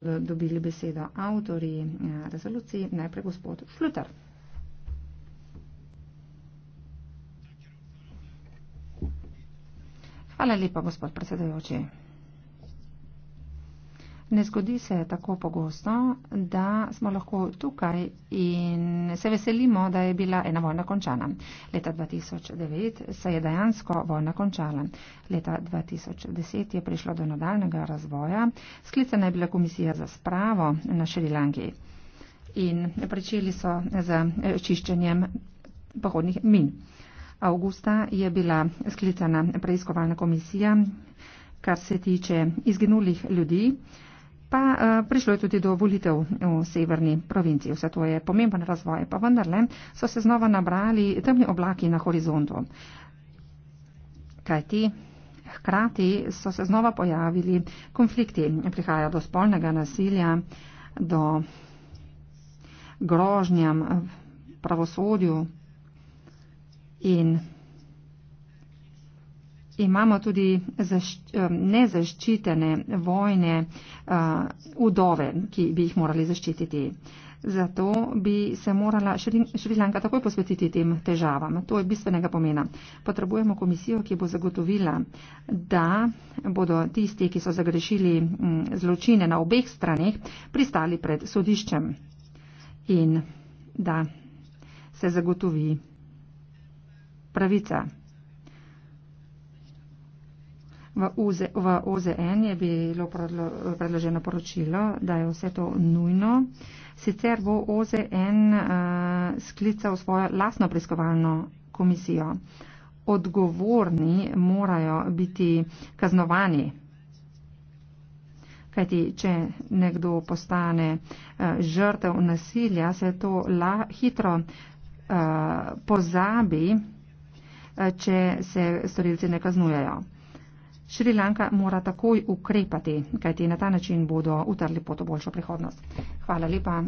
Eh, dobili besedo avtori eh, rezoluciji, najprej gospod Šluter. Hvala lepa, gospod predsedajoči. Ne zgodi se tako pogosto, da smo lahko tukaj in se veselimo, da je bila ena vojna končana. Leta 2009 se je dejansko vojna končala. Leta 2010 je prišlo do nadaljnega razvoja. Sklicana je bila komisija za spravo na Šrilanki in pričeli so z eh, čiščenjem pohodnih min. Augusta je bila sklicana preiskovalna komisija, kar se tiče izginulih ljudi pa uh, prišlo je tudi do volitev v severni provinciji. Vse to je pomemben razvoj, pa vendarle so se znova nabrali temni oblaki na horizontu. Kajti hkrati so se znova pojavili konflikti, prihaja do spolnega nasilja, do grožnjam pravosodju in imamo tudi eh, nezaščitene vojne udove, eh, ki bi jih morali zaščititi. Zato bi se morala Šrilanka takoj posvetiti tem težavam. To je bistvenega pomena. Potrebujemo komisijo, ki bo zagotovila, da bodo tisti, ki so zagrešili mm, zločine na obeh stranih, pristali pred sodiščem in da se zagotovi pravica. V, UZ, v OZN je bilo predloženo poročilo, da je vse to nujno. Sicer bo OZN uh, eh, sklical svojo lastno preiskovalno komisijo. Odgovorni morajo biti kaznovani. Kajti, če nekdo postane uh, žrtev nasilja, se to la, hitro uh, pozabi, uh, če se storilci ne kaznujejo. Šrilanka mora takoj ukrepati, kajti na ta način bodo utrli pot v boljšo prihodnost. Hvala lepa.